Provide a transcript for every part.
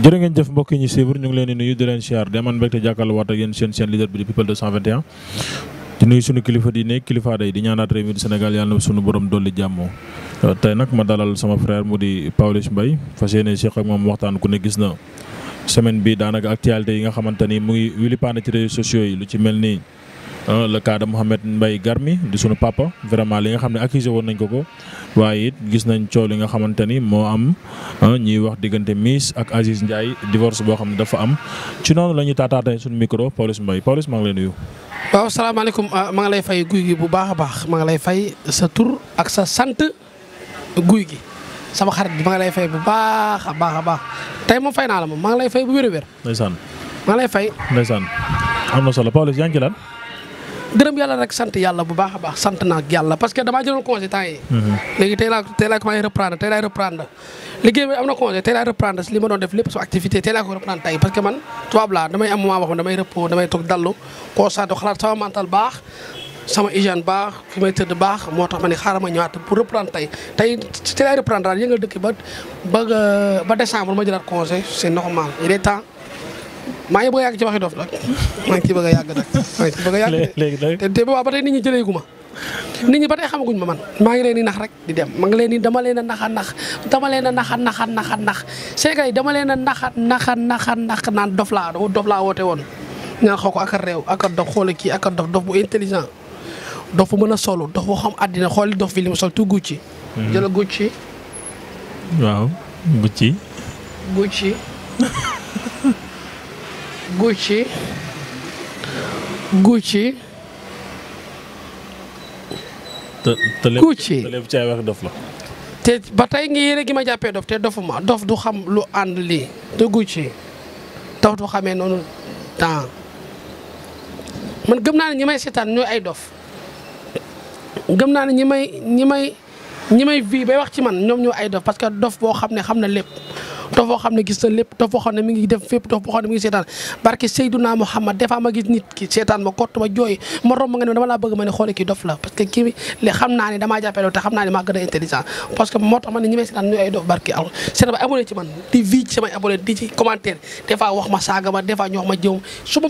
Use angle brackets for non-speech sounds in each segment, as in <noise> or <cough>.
jërë ngeen jëf mbokk yi ñu suivre ñu ngi leen di nuyu di leen siyaar di amaan mbégte jàkkaarloo seen seen leader bi di people 221 di nuyu sunu kilifa di nekk kilifa day di ñaanaat réew mi di Sénégal yàlla na sunu borom dolli jàmmoo euh, tey nag ma dalal sama frère mu di Pawlish Mbaye fas yéene Cheikh ak moom waxtaan ku ne gis na semaine bi daanaka actualité yi nga xamante ni mu ngi wili ci réseaux sociaux yi lu ci mel nii Euh, le cas de Mohamed mbay Garmi di sunu papa vraiment li nga xam ne accusé woon nañ ko ko waaye it gis nañ coow li nga xamante ni moo am euh, ñuy wax diggante Miss ak Aziz Ndiaye divorce boo xam ne dafa am ci noonu la ñuy taataatee sunu micro Pawlish Mbaye Pawlish maa ngi lay nuyu. waaw salaamaaleykum euh, maa lay fay guy gi bu baax a baax ma ngi lay fay sa tur ak sa sant guy gi. sama xarit bi ma ngi lay fay bu baax a baax a baax tey moom fay naa la moom ma ngi lay fay bu wér a wér. ndeysaan. ma lay fay. ndeysaan am na solo Pawlish yaa ngi dërëm yàlla rek sant yàlla bu baax a baax sant naa ak yàlla parce que damaa jëloon congé temps yi mhm. léegi tey laa reprendre tey reprendre liggéey bi am na congé tey laay reprendre li ma doon def lépp su activité tey laa ko reprendre tey parce que man tubaab laa damay am moment boo xam damay repos damay toog dallu concentré xalaat sama mental baax sama hygiène baax fi may tëdd baax moo tax ma ne xaaral ma ñëwaat pour reprendre tey tey tey laay reprendre daal yëngal ba ba ba décembre ma jëlaat congé c'est normal il est temps maa ngi bëgg a yàgg ci waxi dof nag maa ngi ci bëgg a yàgg nag a yàgg te boobaa ba tey nit ñi jëleegu ma nit ma man maa ngi leen di nax rek di dem ma leen di dama leen a nax a nax a nax a nax a nax a nax Sénégal yi dama leen a nax a nax a nax a nax naan laa woote woon ñaan xaw ko ak réew ak a dof kii ak a dof dof bu intelligent dof bu mën a solu dof boo xam àddina xooli dof bi li mu sol tu Gucci mhm. jëla Gucci waaw Gucci Gucci <laughs> Gucci Gucci. te te lépp caay wax dof la. te ba tey ngi yére gi ma jàppee dof te dofuma dof du xam lu ànd lii te Gucci dof du xamee noonu temps man gëm naa ni ñi may seetaan ñooy ay dof gëm naa ni ñi may ñi may ñi may vie bay wax ci man ñoom ñoo ay dof parce que dof boo xam ne xam na lépp. toog foo xam ne gis na lépp toog foo xam ne mi ngi def fépp toog foo xam ne mi ngi seetaan barke Seydouna Muhammad des fois ma gis nit ki seetaan ma kott ma jooy ma ne ma ne xoole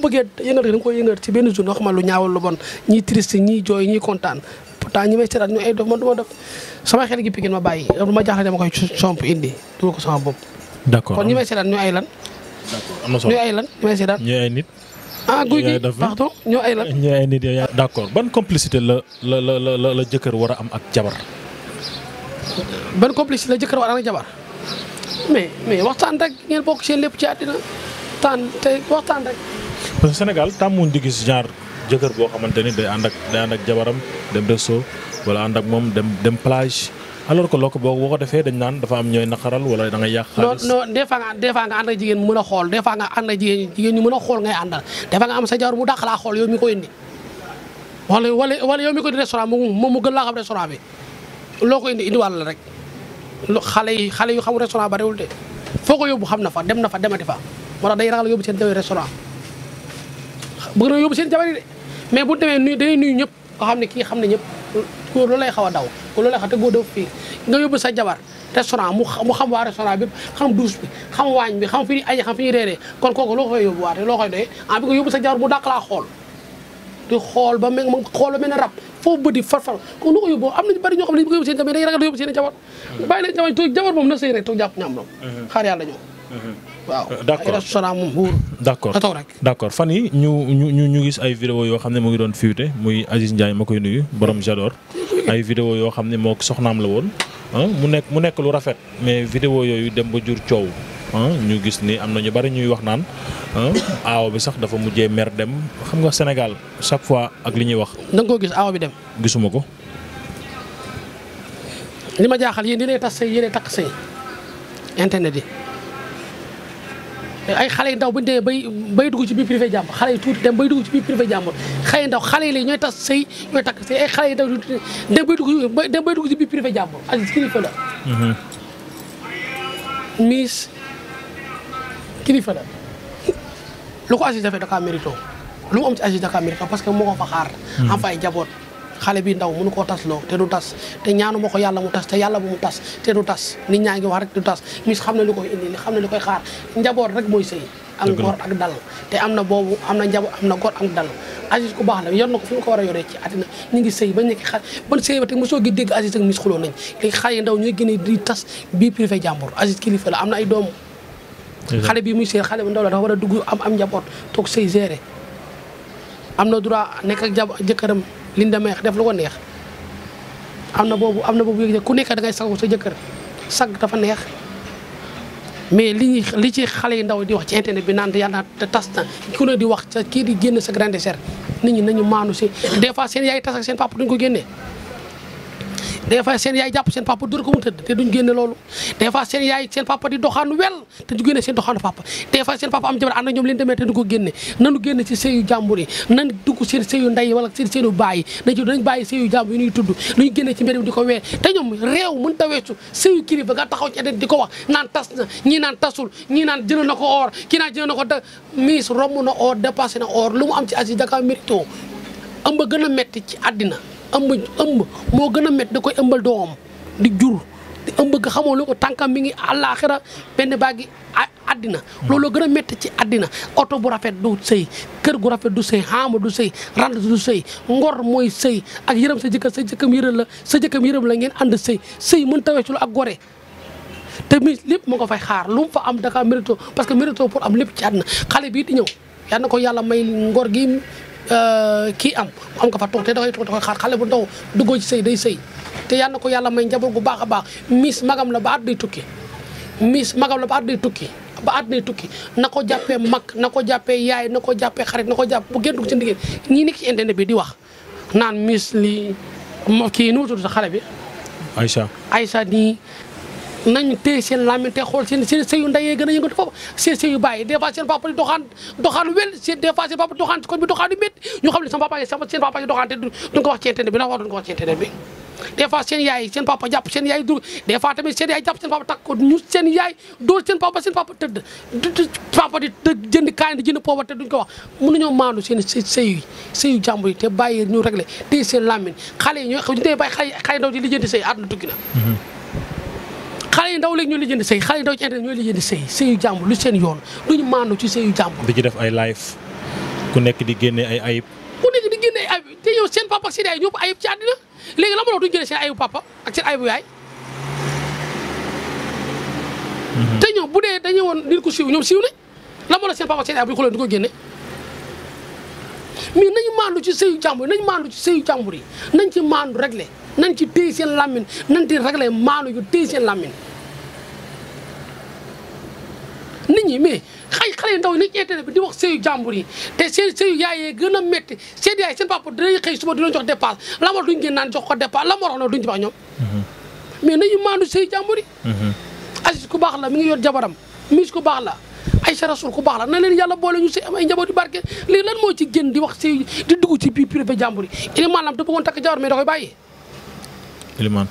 a intelligent ma koy yëngal ci du ma ko sama bopp d'accord kon ñi may seetaan ñu ay lan. d'accord na solo ñu ay lan ñu ay nit. ah guy gi pardon ñu ay ban complicité la la la la la jëkkër war a am ak jabar. ban complicité la jëkkër war a am mais mais waxtaan rek ngeen bokk seen lépp ci àddina taan te waxtaan rek. parce que Sénégal tàmmuñ di gis genre jëkkër boo xamante ni day ànd ak ànd ak jabaram dem resto wala ànd ak moom dem dem plage. alors que lokk boobu boo ko defee dañ naan dafa am ñooy naqaral wala da ngay yàq xaalis non non des fois nga des fois nga a xool des nga a am sa jawar mu dàq laa xool yow mi ko indi wala wala wala yow mi ko indi restaurant moom mu gën laa xam restaurant bi loo ko indi indi la rek xale yi xale yu xam restaurant bariwul de foo yóbbu xam na fa dem na fa demati fa moo tax day ragal yóbbu seen jabar restaurant bëgg na yóbbu seen jabar yi de mais bu demee nuyu dañuy nuyu ñëpp nga xam ne kii xam ne ñëpp loolu lay xaw a daw ko loolu la xam te boo def fii nga yóbbu sa jabar restaurant mu xam waa restaurant bi xam douche bi xam waañ bi xam fi ñuy aje xam fi ñuy reeree kon kooku loo koy yóbbu waate loo koy doyee sa jabar mu dàq laa xool di xool ba mel xool ba mel ne rab foofu bëdi farfar kon lu ko yóbbu am nañu bëri ñoo xam ne ñu ko yóbbu yóbbu seen jabar mm-hmm. bàyyi leen jabar moom na sëy rek toog ñaam doom mm-hmm. xaar yàlla waaw euh, d'accord ay restaurant moom wóor. d'accord taw fan yi ñu ñu ñu ñu gis ay vidéo yoo xam ne mu ngi doon fuité muy Aziz Ndiaye ma koy nuyu borom Jador ay vidéo yoo xam ne moo soxnaam la woon ah, mu nekk mu nekk lu rafet mais vidéo yooyu dem ba jur coow. Ah, ñu gis ni am na ñu bari ñuy wax naan ah, aaw bi sax dafa mujjee mer dem xam nga Sénégal chaque fois ak li ñuy wax. da koo gis aaw bi dem. gisuma ko. li ma jaaxal yéen yéenay tas sëy yéenay takk sëy internet yi. ay xale yu ndaw buñu demee bay bay dugg ci biir privé jàmbur xale yu tuuti dem bay dugg ci biir privé jàmbur xale yu ndaw xale yi léegi ñooy tas sëy ñooy takk sëy ay xale yu ndaw dem bay dugg dem bay dugg i biir privé jàmbur ak la mm-hmm. miis kilifa lu ko Aziz defee da kaa mérito lu mu am ci Aziz da parce que moo ko fa xaar mm-hmm. am fa ay jaboot xale bi ndaw nu koo tas loo te du tas te ñaanu ma ko yàlla mu tas te yàlla bu mu tas te du tas nit ngi wax rek du tas mis xam na li koy indi xam na li koy xaar njaboot rek mooy sëy ak ngor ak dal am na boobu am na njaboot am na gor am dal Aziz ku baax la yor na ko ko war a yoree ci àddina ñu ngi sëy ba nekk xale ban sëy ba te mosoo gi dégg Aziz ak mis xuloo nañ léegi xale tas bii privé jàmbur Aziz kilifa la am ay doomu xale bi muy xale bu ndaw la dafa war a dugg am am njaboot toog sëy géré am na droit nekk ak jab jëkkëram li ñu demee def lu ko neex am na boobu am na boobu yëg ku nekk da ngay sa jëkkër sag dafa neex mais li ñuy li ci xale yu ndaw di wax ci internet bi naan yàlla te tas na ku ne di wax ca kii di génn sa grand dessert nit ñi nañu maanu si des fois seen yaay tas ak seen papa duñ ko génnee. des fois seen yaay jàpp seen papa dóor ko mu tëdd te duñ génne loolu des fois seen yaay seen papa di doxaanu wel te du génne seen doxaanu papa des seen papa am jabar ànd ñoom leen demee te du ko génne nanu génne ci sëyu jàmbur yi nan dugg seen jàmbur yi ñuy ñu génne ci mbir mi di ko wee te ñoom réew mën ta weesu sëyu kilifa nga taxaw ci di ko wax naan tas na ñii naan tasul ñii naan jël na ko or kii naan jël na ko da miis romb na or dépassé na oor lu mu am ci asi daka mérito ëmb gën a metti ci àddina ëmb ëmb moo gën a mett da koy ëmbal doom di jur di ëmb nga xamoo lu ko tànkam mi ngi àllaaxira benn baa gi àddina loolu gën a métti ci àddina oto bu rafet du sëy kër gu rafet du sëy xaama du sëy rand du sëy ngor mooy sëy ak yërëm sa jëkkër sa jëkkam yërëm la sa jëkkam yërëm la ngeen ànd sëy sëy mën tawee ci lu ak gore te mi lépp moo ko fay xaar lu fa am daka mérito parce que mérito pour am lépp ci àddina xale bii di ñëw yal na ko yàlla may ngor gi Euh, kii am am nga fa toog te da koy xale bu ndaw duggoo ci sëy day sëy te yal na ko yàlla may njaboot gu baax a baax miis magam la ba at day tukki miis magam la ba at day tukki ba at day tukki na ko jàppee mag na ko jàppee yaay na ko jàppee xarit na ko jàpp bu génn dugg ci ndigéen ñii nekk ci internet bi di wax naan miis li kii nu mu tudd sa xale bi Aïcha Aïcha nii nañ téye seen làmmiñ te xool seen seen sëyu ndeyee yëngatu foofu seen sëyu bàyyi des fois seen papa di doxaan wel seen des seen papa doxaan ci koñ bi doxaan seen papa yi seen papa seen papa takk ko ñu seen yaay dóor seen papa seen papa tëdd papa di jënd kaani seen sëyu sëyu jàmbur yi te ñu réglé téye seen làmmiñ xale ñu tey bàyyi xale ndaw di lijjanti sëy àdduna tukki na xale yu ndaw léegi ñoo lijjanti sëy xale yu ndaw ci internet ñoo lijjanti sëy sëyu jàmbur lu seen yoon lu ñu maandu ci sëyu jàmbur di ci def ay live ku nekk di génne ay ayib ku nekk ay te yow seen papa ak seen ayib ci àddina la ma doon duñu génne seen ayibu papa ak seen ayibu yaay mhm. te ñoom bu dee dañu woon nit ku siiw ñoom siiw ne la ma seen papa ak seen yaay bu ñu xoolee du ko génne mais nañu maandu ci sëyu jàmbur yi nañu maandu ci sëyu jàmbur yi nañ ci maandu réglé nañ ci téye seen làmmiñ nañ ci réglé maandu yu téye seen làmmiñ nit ñi mais xay xale ndaw yi nañ internet bi di wax sëyu jàmbur yi te seen sëyu yaayee gën a métti seen yaay seen papa dinañ xëy suba di leen jox dépasse la war duñ gën naan jox ko dépasse la war wax noonu duñ ci wax ñoom mm-hmm. mais nañu maandu sëyu jàmbur yi mm-hmm. Aziz ku baax la mi ngi yor jabaram mis ku baax la Aïcha Rasoul ku baax la na leen yàlla boole ñu si am ay njabooti barke léegi lan moo ci génn di wax si di dugg ci biir privé jàmbur yi Ilimaan lam da bëggoon takk jabar mais da koy bàyyi Ilimaan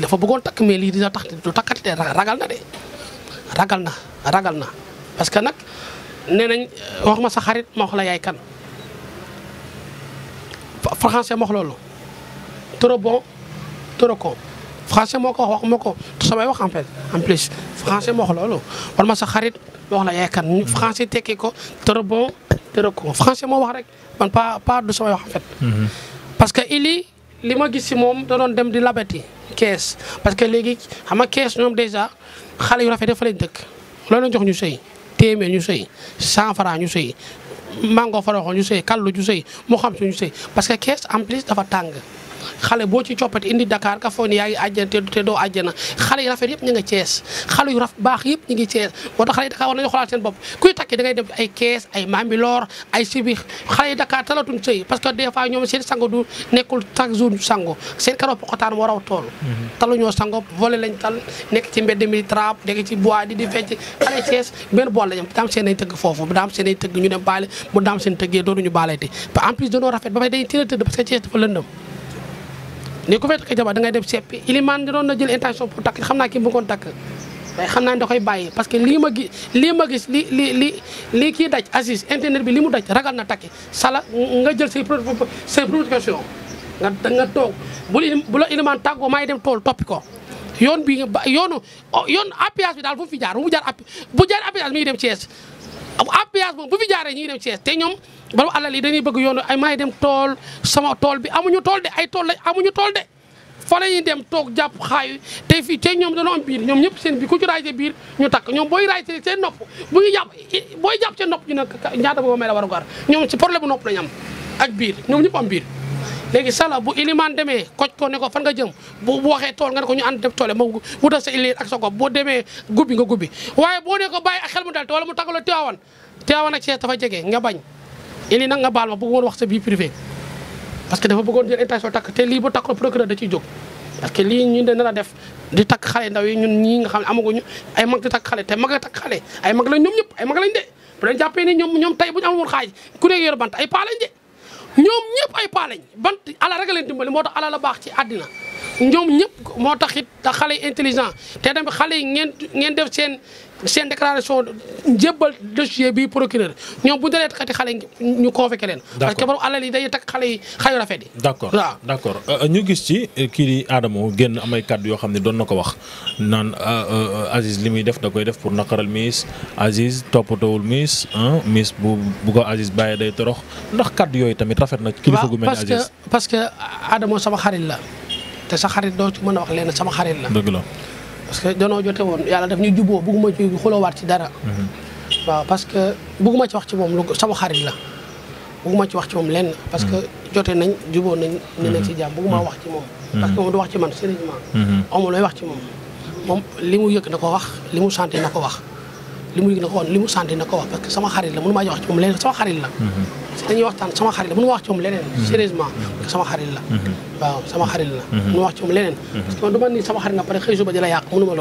dafa bëggoon takk mais lii dina tax du takkati de ragal na de ragal na ragal na parce que nag nee nañ wax ma sa xarit ma wax yaay kan français ma wax loolu trop bon trop con moo ko wax wax ko samay wax en fait en plus français moo wax loolu wala ma sa xarit moo wax la yaay kan français tekki ko trop bon trop con français moo wax rek man par pas du samay wax en fait. Mhm. parce que Ili li ma gis si moom da doon dem di labati kees parce que léegi xam nga kees ñoom dèjà xale yu rafet dafa lañ dëkk loolu lañ jox ñu sëy téeméer ñu sëy cent franc ñu sëy mango faroxo ñu sëy kallu ñu sëy moo xam ñu sëy parce que kees en plus dafa tàng. xale boo ci coppati indi Dakar nga foog ne yaa ngi te doo àjjana xale yu rafet yëpp ñu nga Cees xale yu raf baax yëpp ñu ngi Cees moo tax xale yi Dakar war nañu xoolaat seen bopp kuy takki parce que des fois ñoom seen sango du nekkul chaque jour sango seen karoo pokotaan moo raw tool mhm. taluñoo sango lañ tal nekk ci mbedd mi trap nekk ci bois di di fecc xale Cees benn bool la ñam daam seen tëgg foofu bu daam ñu dem baale bu daam seen tëggee doonuñu baaleeti en plus dañoo rafet ba fay dañuy tëdd parce que Cees dafa lëndëm ne ku fay takk jabar da ngay def seppi ilimaan da doon na jël intention pour takk xam naa kii bëggoon takk waaye xam naa ne da koy gis lii ma gis li li li lii kii internet bi li mu daj ragal na takk sala nga jël say say précaution nga nga toog bu bu la ilimaan tàggoo maay dem tool toppi ko yoon bi yoonu yoon appuyage daal fu fi jaar bu mu jaar bu jaar appuyage mi ngi dem Thiès abiage moom bu fi jaaree ñi ngi dem Thiès te ñoom borom alal yi dañuy bëgg yoonu ay maay dem tool sama tool bi amuñu tool de ay tool lañ amuñu tool de fa la ñuy dem toog jàpp xaayu te fii te ñoom dañoo am biir ñoom ñëpp seen biir ku ci raajte biir ñu takk ñoom booy raajte seen nopp bu ñu jàpp booy jàpp seen nopp ñu ne ñaata boobu may la war a gar ñoom ci problème bu nopp lañ am ak biir ñoom ñëpp am biir léegi sala bu ilimaan demee koj ko ne ko fan nga jëm boo bu waxee tool nga ne ko ñu ànd dem toole ma wutal sa illiir ak sa gopp boo demee gubbi nga gubbi boo ko bàyyi xel mu dal te wala mu tàggaloo Tiwaawan Tiwaawan ak Cees dafa jege nga bañ ili nag nga baal ma bëgg woon wax sa vie privée parce que dafa bëggoon jël intention takk te lii bu takkul procureur da ciy jóg parce que lii ñu de nar a def di takk xale ndaw yi ñun ñii nga xam ne amaguñu ay mag di takk xale te mag a takk xale ay mag lañ ñoom ñëpp ay mag lañ de bu leen ñoom ñoom tey bu ñu amul ku nekk yor bant ay paa lañ de ñoom ñëpp ay paa bant ala rek leen dimbali moo tax ala la baax ci àddina ñoom ñëpp moo tax it xale yi intelligent te tamit xale yi ngeen ngeen def seen seen déclaration jébbal dossier bi procureur ñoom bu dalee takkati xale ñu convoqué leen. parce que borom alal yi day takk xale yi rafet yi. d' accord waaw d' accord euh, euh, ñu gis ci euh, kii di Adamo génn amay kàddu yoo xam ne doon na ko wax naan Aziz li muy def da koy def pour naqaral Miss Aziz toppatoowul Miss ah Miss bu bu ko Aziz bàyyee day torox ndax kadd yooyu tamit rafet na. kilifa gu mel ni Aziz parce que parce sama xarit la te sa xarit doo ci mën a wax leen sama xarit la. dëgg la. parce que danoo jote woon yàlla daf ñu juboo bugguma ci waat ci dara. Mhm. waaw parce que bugguma ci wax ci moom lu sama xarit la bugguma ci wax ci moom lenn. parce que mhm. jote nañ juboo nañ. ne nañ mhm. ci jàmm bugguma wax ci moom. parce que moom du wax ci man sérieusement. amul looy wax ci moom moom li mu yëg na ko wax li mu santé na ko wax. li mu yëg na ko wax li mu santi na ko wax parce que sama xarit la mënu maa ma wax ci moom leneen sérieusement parce sama xarit la waaw sama xarit la mhm. mënu ma wax ci moom leneen mhm. parce que man du ma ni sama xarit nga pare xëy suba di la yàq mënu ma